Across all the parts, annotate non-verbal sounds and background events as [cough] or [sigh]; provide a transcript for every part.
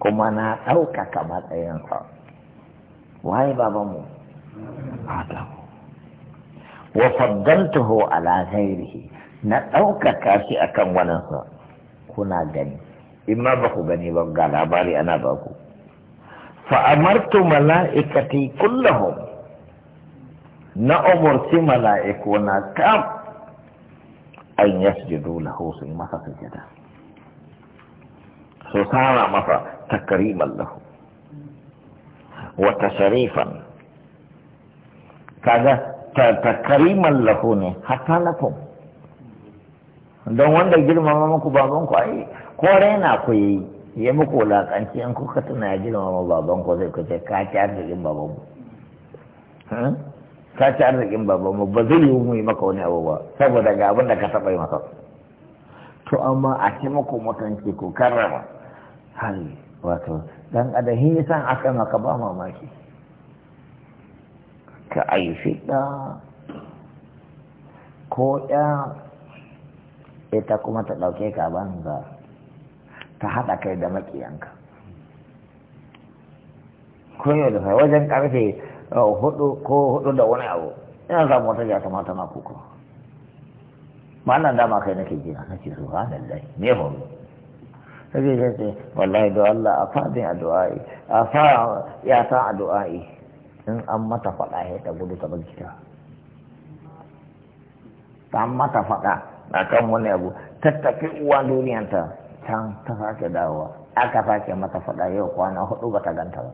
kuma na ɗaukaka matsayinsa waye babanmu adamu wa faddantuhu ala ghairihi na ɗaukaka shi akan waninsa kuna gani in ma ba ku gani ba ga labari ana ba ku fa amartu mala'ikati kullahum na umurci mala'iku na kam an yasjudu lahu su yi masa sujada su sara masa takriman lahu wa tasharifan kaga takriman lahu ne hatta lakum don wanda girmama muku babanku ai ko raina ku yi ya muku an in kuka tuna ya girmama babanku zai kuce ka ci arzikin babanmu hmm? ka ci arzikin mu ba zai yi mu yi maka wani abu ba saboda ga abin da ka taɓa yi masa to amma a ci muku mutunci ku karrama hali wato dan adahin san aka maka ba mamaki ka aifi da ko ya ita kuma eh, ta ɗauke ka banza ta haɗa kai da makiyanka ko yau da wajen ƙarfe oh, hudu ko hudu da wani abu ina samu wata ta kamata ma kuka ma nan dama kai nake gina nake so ha lallai me faru sai ya ce wallahi da Allah a fadin addu'a'i a fara ya ta addu'a'i in an mata faɗa ya ta gudu ta bar ta mata faɗa kan wani abu tattafi uwa duniyanta can ta sake dawowa aka sake mata faɗa yau kwana hudu ba ta ganta ba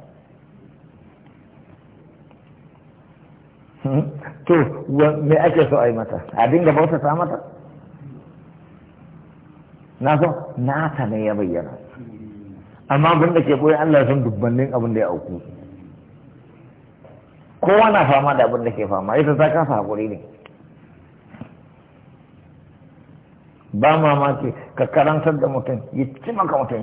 to me ake so a yi mata a dinga bauta ta mata na san nasa ne ya bayyana amma abin da ke koyi Allah sun dubbannin abin da ya auku kowa na fama da abin da ke fama ita ta kasa hakuri ne ba mamaki ka karantar da mutum ya ci maka mutum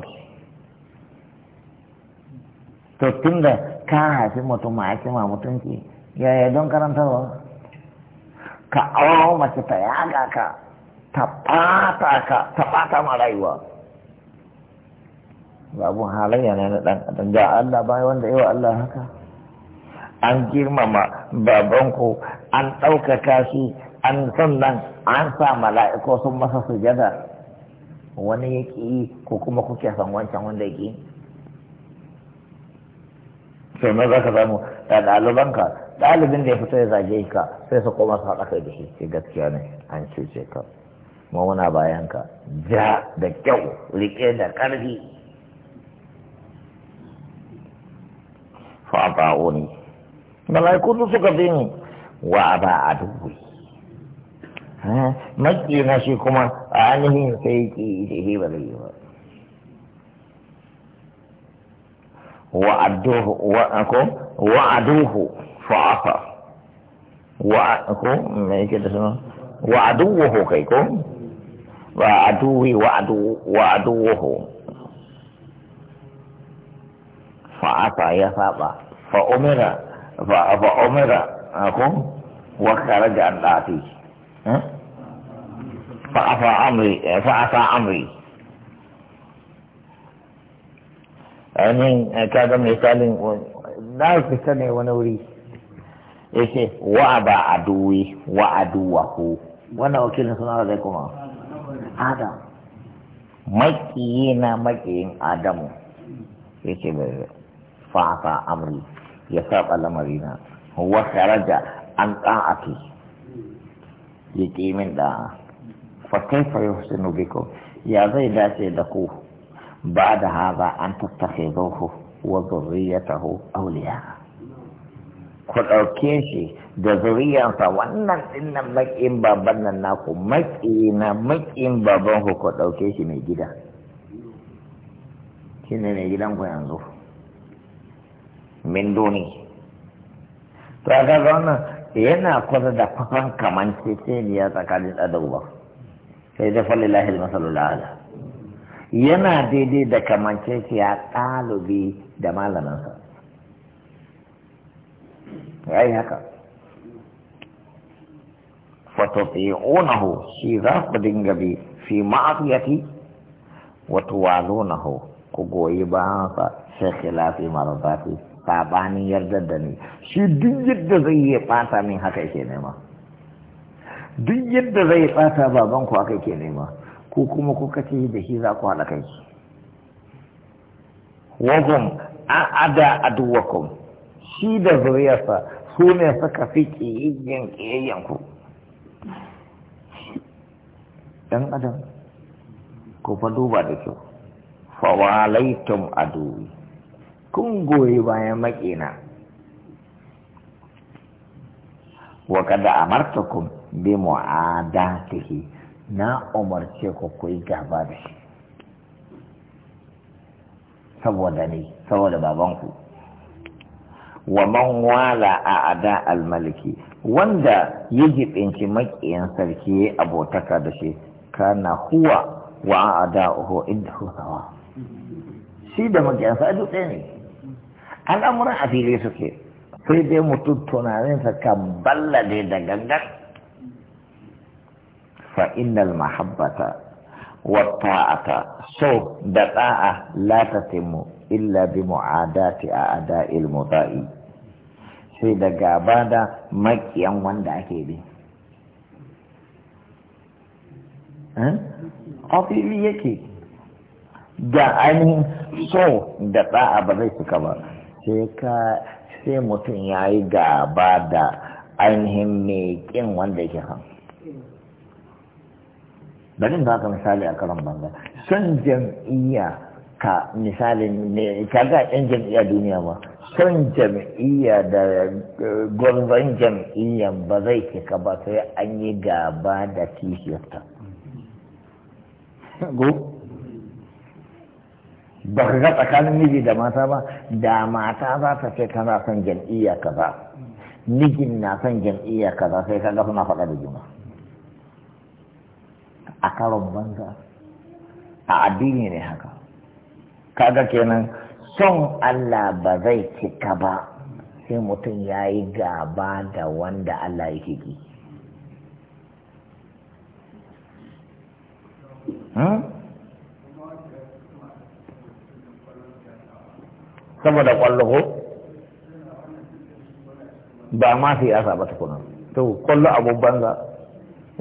to tun da ka haifi mutum ya ci ma mutunci yaya don karantarwa ka awo mace ta yaga ka ta ɓata ka ta ɓata ma rayuwa babu halayya na ɗan adam ga Allah bai wanda yawa Allah haka an girmama babanku an ɗaukaka shi an sannan an sa mala'iku sun masa sujada wani ya ƙi ko kuma kuke san wancan wanda ya ƙi sai me za ka samu da ɗalibanka ɗalibin da ya fito ya zage ka sai su koma su haɗa kai da shi gaskiya ne an cuce ka kuma muna bayanka ja da kyau rike da ƙarfi fata'uni malaikun suka bin wa ba a aduwi maki na shi kuma a ainihin sai ki shi ba zai ba wa'aduhu wa'ako Wa a ko? me yake da suna wa'aduhu kai ko wa aduwi wa aduwuhu fa ata ya saba fa umira fa fa umira ako wa kharaja an dati hmm? fa afa amri eh, fa afa amri ani eh, kada misalin na ku sane wani wuri yace wa ba aduwi wa aduwahu wannan wakilin suna da kuma adam maƙiyi na maƙiyin adamu ya ce bai fata amri ya saba lamarina wata Raja, an ta'ati ya ƙi min da fa kaifa yuhsinu biko. ya zai dace da ku ba da haza an tattakhiduhu wa taho auliya ku ɗauke shi da zuriyarsa wannan dinnan nan baban nan naku maƙi na maƙin baban ku ku ɗauke shi mai gida shi ne mai gidan ku yanzu min duni. to a kaga wannan yana kusa da kwafan kaman ya tsakanin ɗa ba. uba sai da falilahi masalul yana daidai da ya ɗalibi da malamansa ya yi haka fatuti'unahu shi za ku dinga bi fi wato wa tuwalunahu ku goyi bayan sa sai khilafi marzati sabanin yarda da ni shi duk yadda zai yi bata min haka yake nema duk yadda zai bata baban ku haka yake nema ku kuma ku kace da shi za ku haɗa kai wahum an ada aduwakum shi da zuriyarsa su ne suka fi ƙiyayyen ƙiyayyen ku ɗan adam ko fa duba da kyau fawalaitum aduwi kun goyi bayan maƙina wa kada amartakum bi mu'adatihi na umarce ku ku yi gaba da shi saboda ne saboda babanku wa man wala a ada almaliki wanda ya jibinci makiyan sarki ya abotaka da shi kana huwa wa ada uhu inda sawa shi da maƙiyansa a dutse ne al'amuran a fili suke sai dai mutum tunaninsa kan ballade da gangan fa innal mahabbata wa ta'ata so da ta'a la tatimu illa bi mu'adati a ada'il muta'i sai da gaba da makiyan wanda ake bi ofili eh? yake da ainihin so da ɗa'a ba zai suka ba sai mutum ya yi gaba da ainihin mai wanda yake kan bari da haka misali a karan banza son jam'iyya ka misalin ne kaga yan jam'iyya duniya ma kan jam'iyya da eh, gwamnan jam'iyya ba zai ka ba sai an yi gaba da [laughs] go ba ka ga tsakanin miji da mata ba da mata za ta ce na son jam'iyya kaza mijin na son jam'iyya kaza sai ka ga suna faɗa da juna a karon banza a addini ne haka kaga kenan son Allah ba zai cika ba sai mutum ya yi gaba da wanda Allah ya ki hmm? saboda kwallo ba ma yasa ba tukuna to kwallo abun banza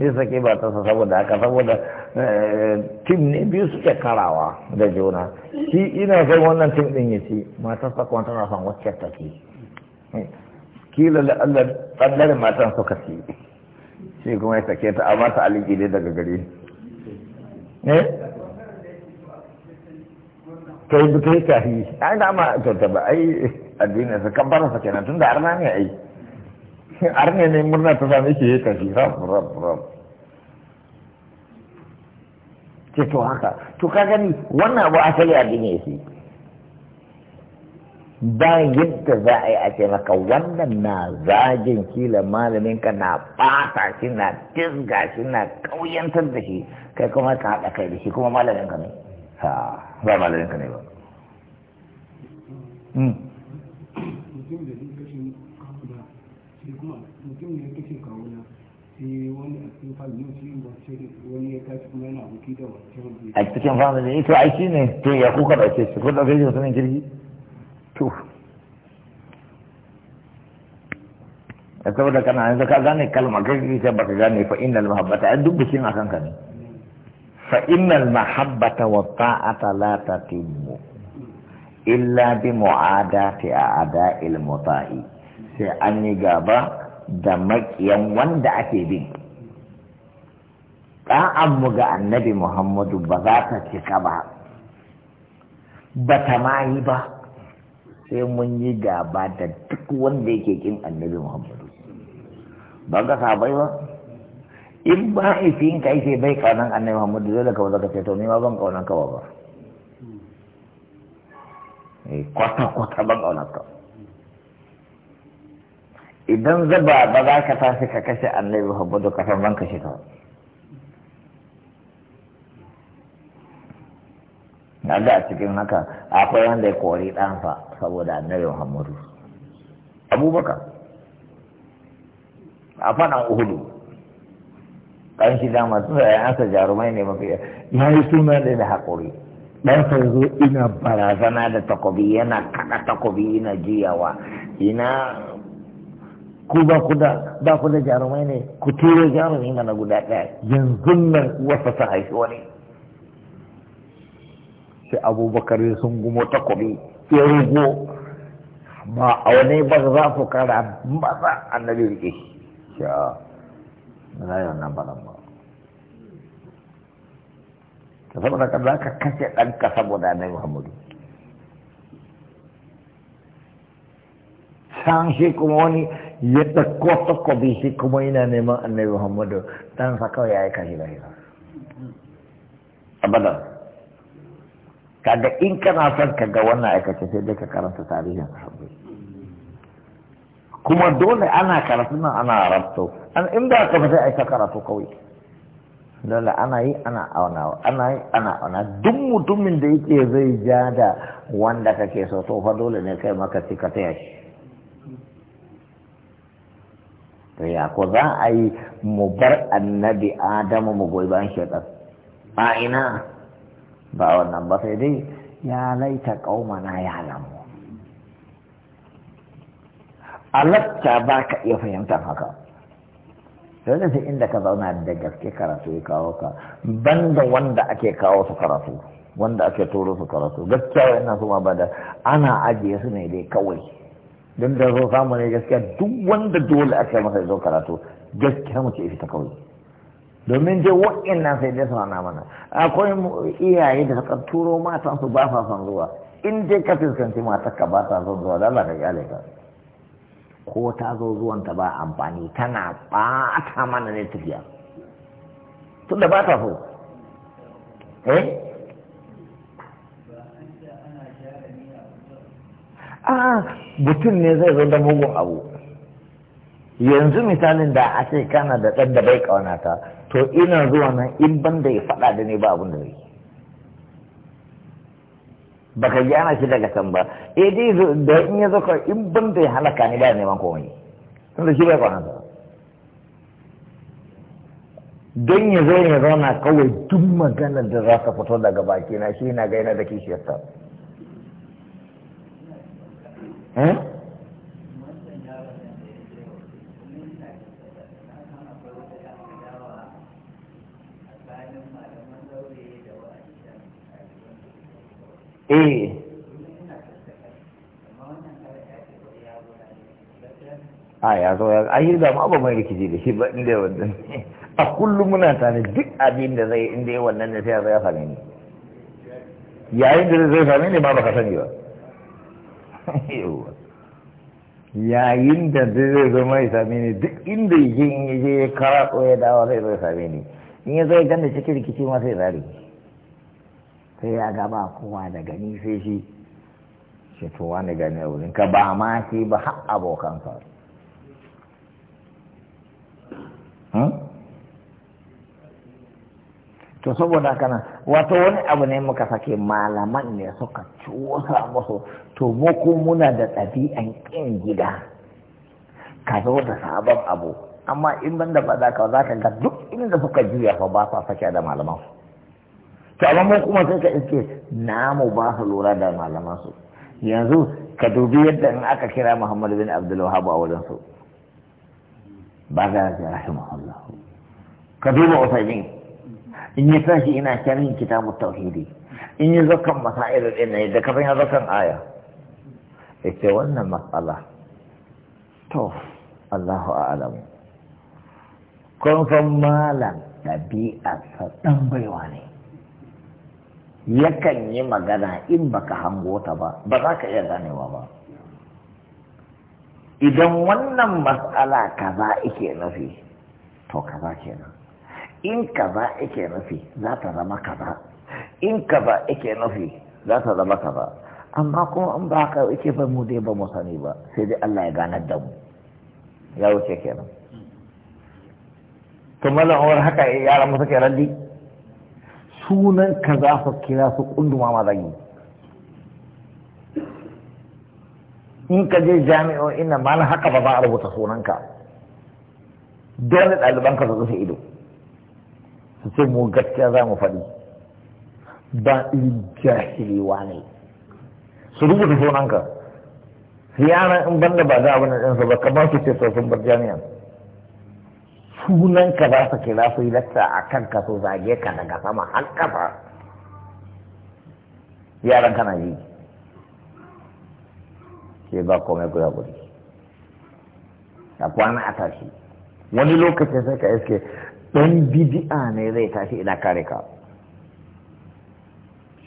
zai sake ba ta saboda haka saboda tim ne biyu suke karawa da juna shi ina son wannan tim din ya ci matan sakon tana son wacce ta ke kila da allah tsallar matan suka ci shi kuma ya sake ta amma ta aliki ne daga gare ne kai bi kai kafi ai da ma kyauta ba ai addini su kabbara sa kenan tunda arna ne ai arne ne murna ta sami shi ya kafi rab rab rab ce to haka to ka gani wannan abu asali a duniya shi ba yadda za a yi a ce maka wannan na zagin kila malamin ka na fata shi na tisga shi na kauyantar da shi kai kuma ka haɗa kai da shi kuma malamin ka ne ba malamin ka ne ba hmm. sai wani a cikin family shi wani ya tashi kuma yana buki da wancan a cikin family to ai shi ne to ya kuka da ce shi ko da gaji mutumin jirgi to a saboda kana yanzu ka gane kalma baka gane fa innal mahabbata ai duk bikin akan ka ne fa innal mahabbata wa ta'ata la tatimmu illa bi mu'adati a'da'il muta'i sai an yi gaba da makiyan wanda ake bin mu ga annabi muhammadu ba za ta cika ba ba ta ma yi ba sai mun yi gaba da duk wanda yake kin annabi muhammadu ba ga sabai ba in ba ifin ka yake bai kaunan annabi muhammadu da ka zaka ce to ni ma ban kaunan kawo ba eh, kwata kwata ban kaunan ka idan zaba ba za ka tashi ka kashe annabi muhammadu da san ban kashe ka na ga cikin haka akwai wanda ya kori ɗansa saboda annabi muhammadu abubakar a faɗan uhudu ɗan shi dama tun da sa jarumai ne mafi ya yi suna da da haƙuri ɗan sa zo ina barazana da takobi yana kaɗa takobi yana jiyawa ina ku ba ku da ba ku da jarumai ne ku tura jarumi mana guda ɗaya yanzu nan wasu ta haifi wani sai abubakar ya sun gumo takobi ya rugo ba a wani ba za ku kara maza annabi rike shi a rayon nan ba nan ba ta saboda ka za ka kashe ɗanka saboda annabi muhammadu san shi kuma wani ya ɗauko takobi shi kuma yana neman annabi muhammadu dan sa kawai ya yi kashi da hira abadan kaga in kana son ka ga wannan aikace sai dai ka karanta tarihin sahabbai kuma dole ana karatu nan ana rabto an inda ka fita ai ka karatu kawai dole ana yi ana auna ana yi ana auna duk mutumin da yake zai ja da wanda kake so to fa dole ne kai maka ci ka taya shi ya ko za a yi mu bar annabi adamu mu goyi bayan shekar a ina ba wannan ba sai dai ya laita kaumana ya lamu alatta ba ka iya fahimta haka dole sai inda ka zauna da gaske karatu ya kawo ka banda wanda ake kawo su karatu wanda ake turo su karatu gaskiya ina su ma ba da ana ajiye su ne dai kawai don da zo samu ne gaskiya duk wanda dole aka masa zo karatu gaskiya mu ce ita kawai domin dai wa'annan sai dai suna mana akwai iyaye da suka turo matan su ba sa son zuwa in dai ka fuskanci matar ka ba ta son zuwa da Allah ka kyale ka ko ta zo zuwan ta ba amfani tana bata mana ne tafiya tunda ba ta so eh ah, mutum ne zai zo da mugun abu yanzu misalin da a ce kana da ɗan da bai ta to ina zuwa nan in ban da ya faɗa da ne ba abin da zai baka ji ana shi daga can ba eh dai da in ya zo ka in ban da ya halaka ni da neman komai da shi bai ta don ya zo ya zauna kawai duk maganar da za ka fito daga baki na shi na gaina da ta. eh, eh. a ah, ya zo ya ai da ma ba mai rikici da shi ba inda wannan a kullum muna tare duk abin da zai inda ya wannan ne sai ya zo ya same ni yayin da zai same ni ma ka sani ba yayin da zai zama ya same ni duk inda yake in ya je ya kara ya dawo zai zai same ni in ya zai ganda cikin rikici ma sai zari sai ya gaba kowa da gani sai shi shi to wani gani a wurin ka ba ma ba har abokan sa to saboda kana wato wani abu ne muka sake malaman ne suka cusa musu to mu ko muna da ɗabi'an ƙin gida ka zo da sabon abu amma in ban da faɗa ka za ka ga duk inda suka juya fa ba sa sake da malaman su to amma mu kuma sai ka iske namu ba su lura da malaman su yanzu ka dubi yadda in aka kira Muhammad bin Abdul wahab a wurin su ba ga rahimahullah ka duba Usaimin in ya tashi ina kyanin kitabut tauhidi in ya zakan kan masail din ne da kafin ya zo kan aya ce wannan matsala to Allahu a'alamu kun san malam ɗabi'ar sa dan baiwa ne yakan yi magana in baka hango ta ba ba za ka iya ganewa ba idan wannan matsala kaza ike nufi to kaza kenan in kaza yake nufi za ta zama kaza in kaza yake nufi za ta zama kaza amma kuma in ba ka yake ba mu dai ba mu sani ba sai dai Allah ya ganar da mu ya wuce kenan to mallan umar haka ya mu suke randi sunan kaza su kira su kunduma ma zagi in ka je jami'o ina ma haka ba za a rubuta sunanka dole ɗalibanka su rufe ido su ce mu gaskiya za mu faɗi ba in jahiliwa ne su rubuta sunanka yara in banda ba a abin ɗansa ba kamar su ce sosun bar sunanka za su kira su yi lakta a kan kaso zage ka daga sama har kafa yaran kana yi ke ba komai guda guri a kwana a tashi wani lokacin sai ka iske ɗan bidi'a ne zai tashi ina kare ka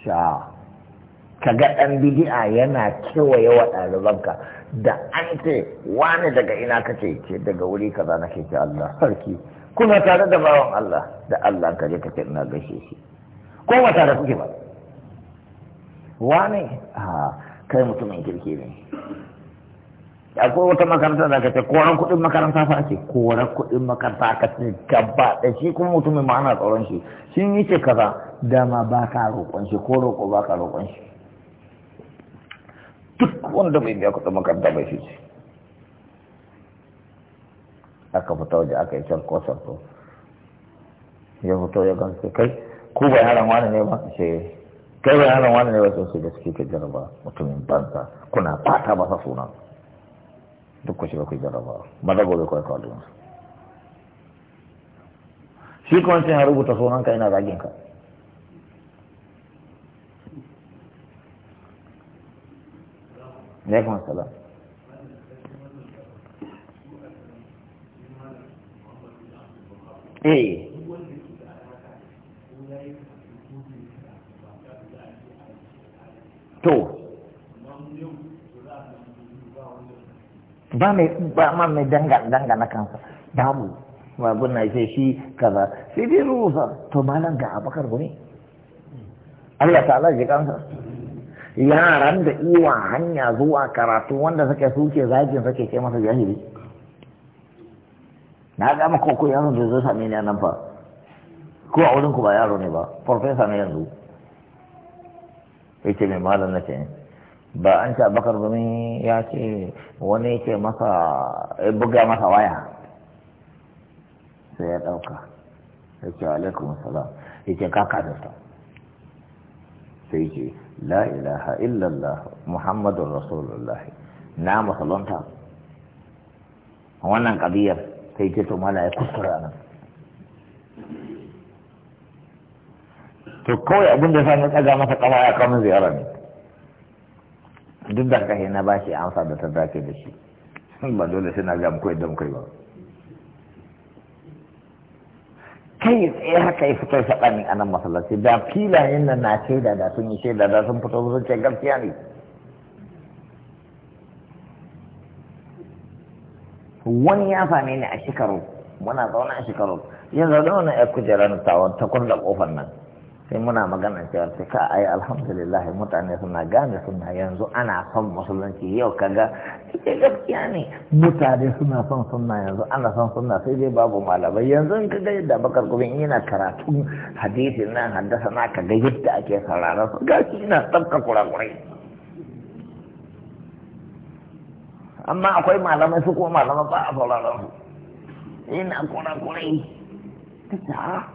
sha kaga ɗan bidi'a yana kewaye wa ɗalibanka da an ce wani daga ina ka ce daga wuri kaza nake ce Allah sarki kuna tare da bawan Allah da Allah ka je ka ce ina gaishe shi ko ba tare kuke ba wani a ah, kai mutumin kirki ne akwai wata makaranta da aka ce koran kuɗin makaranta fa ce koran kuɗin makaranta aka ce gaba da shi kuma mutumin mai ana tsoron shi sun yi ce kaza dama ba ka roƙon shi ko roƙo ba ka roƙon shi duk wanda bai biya kuɗin makaranta bai shi ce aka fita waje aka yi kosar to ya fito ya gamsu kai ko bai yaran wani ne ba ce kai bai yaran wani ne ba sai su da suke ta jaraba mutumin banza kuna fata masa sunan duk ku shiga ku jarraba ba da gobe kawai kawai dunsa shi kuma sai har rubuta ka ina zagin ka alaikum assalam eh to ba mai ba ma mai na kansa babu babu na sai shi kaza sai dai rufa to malan ga abakar gune Allah ta'ala ji kansa yaran da iwa hanya zuwa karatu wanda suke suke zagin suke kai masa jahili na ga maka ko yaro da zai same ni nan fa ko a wurin ku ba yaro ne ba professor ne yanzu yace mai malam na ce ba an ce bakar gumi ya ce wani yake masa buga masa waya sai ya ɗauka ya ce alaikum salam ya ce kaka da ta sai ce la ilaha illallah muhammadun rasulullahi na musulunta wannan ƙabiyar sai ce to mala ya kuskura nan to kawai abin da sami tsaga masa kama ya kama ziyara ne duk da kai na ba shi amsa da ta dace da shi ba dole sai na ga muku idan kai ba kai ya haka ya fito saɓani a nan masallaci da filayen da na shaida da sun yi shaida da sun fito sun ce gaskiya ne wani ya same ni a shekaru muna zaune a shekaru yanzu da wani ya kujera tawon ta da kofar nan sai muna magana cewa ta ka ai alhamdulillah mutane suna gane suna yanzu ana son musulunci yau kaga ita gaskiya ne mutane suna son suna yanzu ana son suna sai dai babu malamai yanzu in kaga yadda bakar in yana karatun hadisin nan haddasa na kaga yadda ake sauraron su gashi ina tsabka kurakurai amma akwai malamai su kuma malamai ba a sauraron su ina kurakurai ta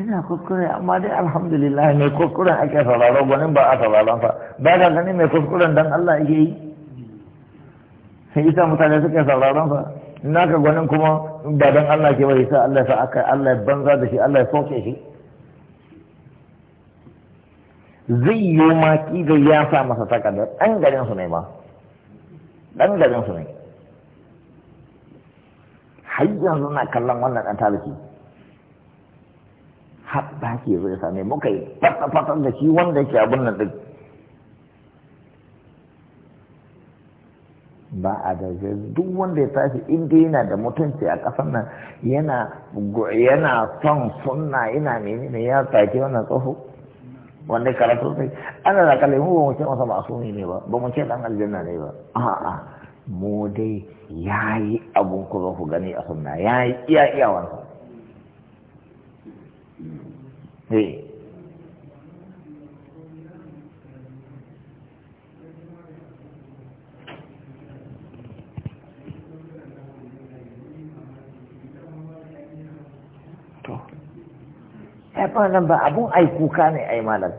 ina kuskure amma dai alhamdulillah mai kuskuren ake sauraro gwanin ba a sauraron fa ba ka gani mai kuskuren dan Allah ake yi sai isa mutane suke sauraron fa ina ka gwanin kuma ba dan Allah ke bai sa Allah sa aka Allah banza da shi Allah ya soke shi zai yi ma da ya sa masa takardar dan garin su ne ma dan garin su ne har yanzu na kallon wannan dan talibi har ke zai same muka yi fata fata da shi wanda ke abin nan duk ba a da duk wanda ya tashi inda yana da mutunci a ƙasar nan yana yana son sunna yana menene ya take wannan tsoho wanda karatu sai ana da kalli mu ba mu ce masa ba asumi ne ba ba mu ce dan aljanna ne ba a'a mu dai yayi abun ku ku gani a sunna yayi iya wannan Ya eh. nan ba abun ai kuka ne ai malam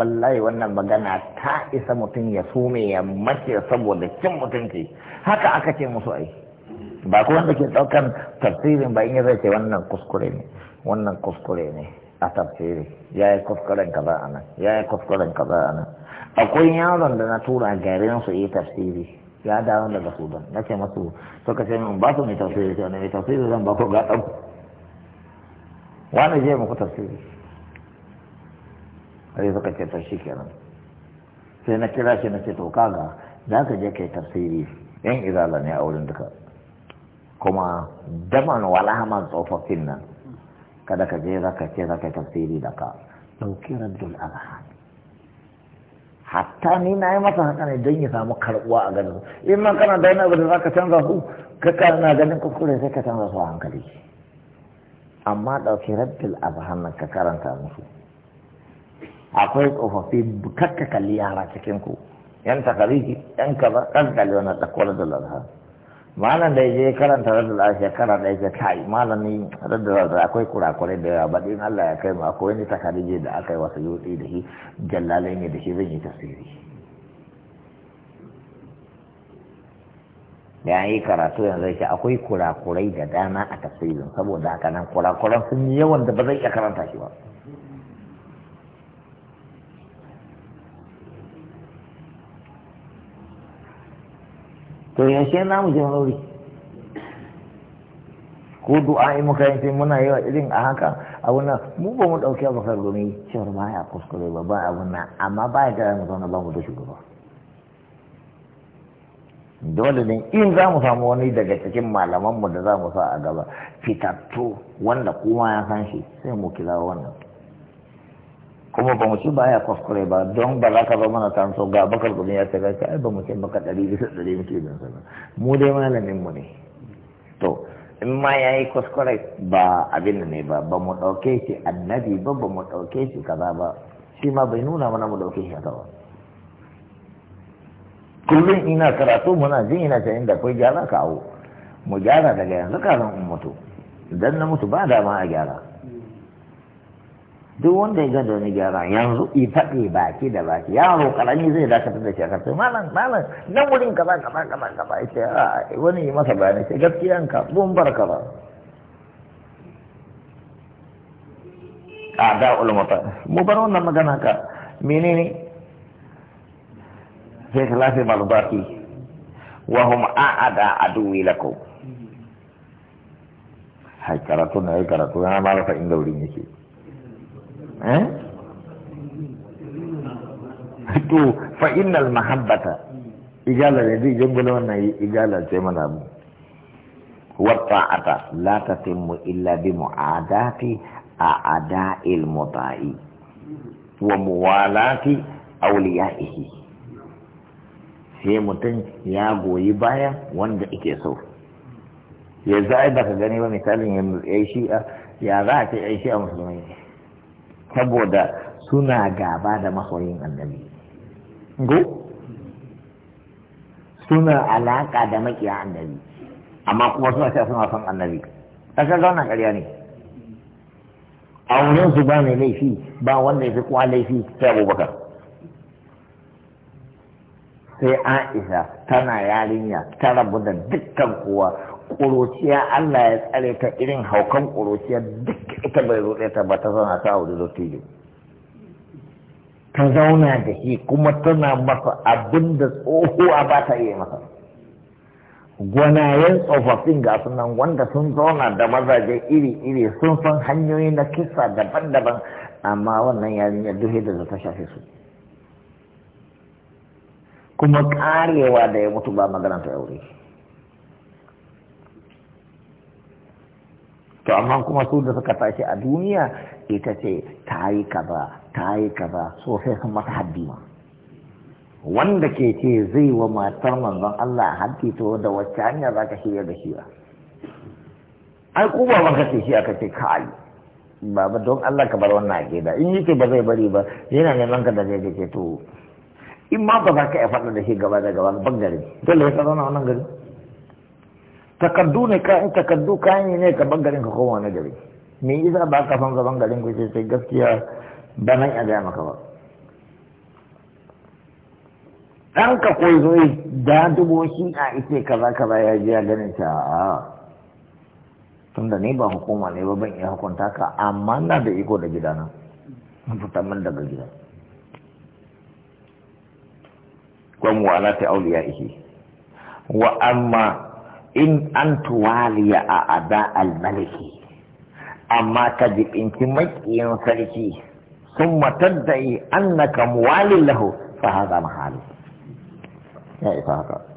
wallahi wannan magana ta isa mutum ya sume ya mace saboda cin mutunci haka aka ce musu ai ba ku wanda ke daukan tafsirin ba in ya zai ce wannan kuskure ne wannan kuskure ne a tafsiri ya yi kuskuren kaza a nan ya yi kuskuren kaza a nan akwai yaron da na tura garin su yi tafsiri ya dawo daga sudan na ce masu suka ce min ba su mai tafsiri ce wani mai tafsiri zan ba ku ga ɗan wani je muku tafsiri sai suka ce ta shi kenan sai na kira shi na ce to kaga za ka je kai tafsiri yan izala ne a wurin duka kuma daman wala tsofaffin nan kada ka je za ka ce za ka tafsiri da ka ɗauki raddul azhar hatta ni na yi masa haka ne don ya samu karbuwa a ganin in ma kana da wani abu da za ka canza su ka kana ganin kuskure sai ka canza su a hankali amma ɗauki raddul azhar ka karanta musu akwai tsofaffi bukakka kalli yara cikin ku yan takariki yan kaza kan kalli wani ɗakwar da lalhar malam da je karanta da a shekara da yake kai malami radda da akwai kurakure da yawa ba in Allah ya kai mu akwai ni takarije da aka yi wasu yudi da shi jallalai ne da shi zan yi tasiri da yi karatu yanzu yake akwai kurakurai da dama a tasirin saboda haka nan kurakuran sun yi yawan da ba zai iya karanta shi ba to yaushe na mu je wani ko in muka yi muna yawa irin a haka a wannan mu ba mu ɗauki abu kar gome cewar ba ya kuskure ba ba abu na amma ba ya gara mu zauna ba mu da shugaba dole ne in za mu samu wani daga cikin mu da za mu sa a gaba fitattu wanda kuma ya san shi sai mu kila wannan kuma ba mu ci baya kuskure ba don ba za ka zo mana tanso ga bakar gudun ya ce gashi ai ba mu ce maka ɗari bisa ɗari muke bin sana mu dai malamin mu ne to in ma ya yi kuskure ba abin ne ba ba mu ɗauke shi annabi ba ba mu ɗauke shi kaza ba shi ma bai nuna mana mu ɗauke shi haka ba kullum ina karatu muna jin ina ta inda kai gyara kawo mu gyara daga yanzu kafin in mutu idan na mutu ba dama a gyara duk wanda ya gada wani gyara yanzu i faɗi baki da baki yaro karami zai dakatar da shakar sai malam malam nan wurin kaza kaza kaza kaza ita a ah, wani yi masa bayani sai gaskiyan ka bun bar ba a da ulmata mu bar wannan magana ka menene sai khilafi malbaki wa hum a'ada aduwi lakum hai karatu na yi karatu na malafa inda wurin yake Eh? [laughs] to fa innal mahabbata igala ne zai jangula wannan igala sai mana mu ta, والطاعة لا تتم إلا بمعاداة mutai wa muwalati awliyaihi sai mutum ya goyi bayan wanda ike so yanzu ai baka gani ba misalin ya yi shi'a ya za a ce ya yi shi'a musulmai saboda suna gaba da masoyin annabi go suna alaka da makiya annabi amma kuma suna cewa suna son annabi kaga zauna ƙarya ne a wurin su ba mai laifi ba wanda ya fi kuwa laifi sai abubakar sai aisha tana yarinya ta rabu da dukkan kowa ƙuruciya Allah ya tsare ta irin haukan ƙuruciya duk ita bai zo ta ba ta zauna ta wuri zottijo ta zauna da shi kuma tana masa abin da tsohuwa ba ta iya masa gwanayen tsofaffin ga nan wanda sun zauna da mazaje iri-iri sun san hanyoyi na kisa daban-daban amma wannan yarinyar duhe da ta shafe su kuma karewa da ya mutu ba magana ta aure to amma kuma su da suka tashi a duniya ita ce ta yi kaza ta yi kaza so sai sun masa haddi ma wanda ke ce zai wa matar manzon Allah haddi to da wacce hanya za ka shirya da shi ba ai ko ba ka ce shi aka ce kai baba don Allah ka bar wannan akida in yake ba zai bari ba yana neman ka da zai ce to in ma ba za ka iya faɗa da shi gaba da gaba bangare dole ya tsaro na wannan gari takardu ne ka in takardu yi ne ka bangaren ka kowa na gari me za ba ka san gaban garin ku sai gaskiya ba nan a gaya maka ba dan ka koyi zo da dubo shi a ita kaza kaza ya ji ya ganin ta a tunda ni ba hukuma ne ba ban iya hukunta ka amma na da iko da gidana na fita man daga gida wa auliya awliya'ihi wa amma in an tuwaliya a ada almaliki amma ka jibinci makiyin sarki sun matadda annaka muwalin lahu fa haza mahalu ya isa haka